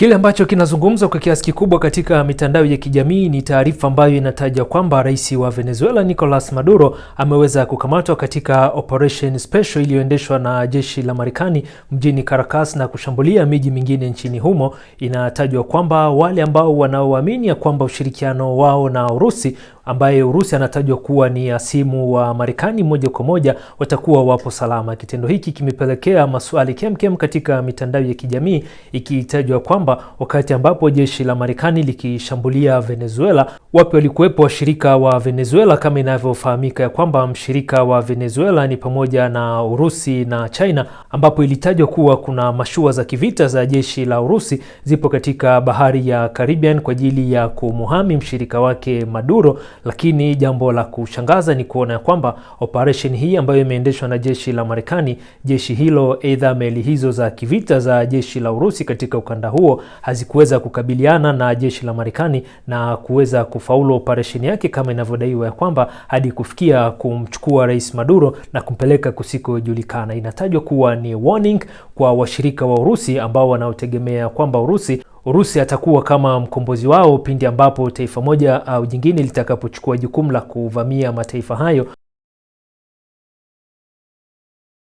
Kile ambacho kinazungumzwa kwa kiasi kikubwa katika mitandao ya kijamii ni taarifa ambayo inataja kwamba rais wa Venezuela Nicolas Maduro ameweza kukamatwa katika operation special iliyoendeshwa na jeshi la Marekani mjini Caracas na kushambulia miji mingine nchini humo. Inatajwa kwamba wale ambao wanaoamini ya kwamba ushirikiano wao na Urusi ambaye Urusi anatajwa kuwa ni hasimu wa Marekani moja kwa moja watakuwa wapo salama. Kitendo hiki kimepelekea maswali kemkem katika mitandao ya kijamii ikitajwa kwamba wakati ambapo jeshi la Marekani likishambulia Venezuela, wapi walikuwepo washirika wa Venezuela? Kama inavyofahamika ya kwamba mshirika wa Venezuela ni pamoja na Urusi na China, ambapo ilitajwa kuwa kuna mashua za kivita za jeshi la Urusi zipo katika bahari ya Caribbean kwa ajili ya kumuhami mshirika wake Maduro lakini jambo la kushangaza ni kuona ya kwamba operesheni hii ambayo imeendeshwa na jeshi la Marekani, jeshi hilo aidha meli hizo za kivita za jeshi la Urusi katika ukanda huo hazikuweza kukabiliana na jeshi la Marekani na kuweza kufaulu operesheni yake kama inavyodaiwa ya kwamba hadi kufikia kumchukua Rais Maduro na kumpeleka kusikojulikana. Inatajwa kuwa ni warning kwa washirika wa Urusi ambao wanaotegemea kwamba Urusi Urusi atakuwa kama mkombozi wao pindi ambapo taifa moja au jingine litakapochukua jukumu la kuvamia mataifa hayo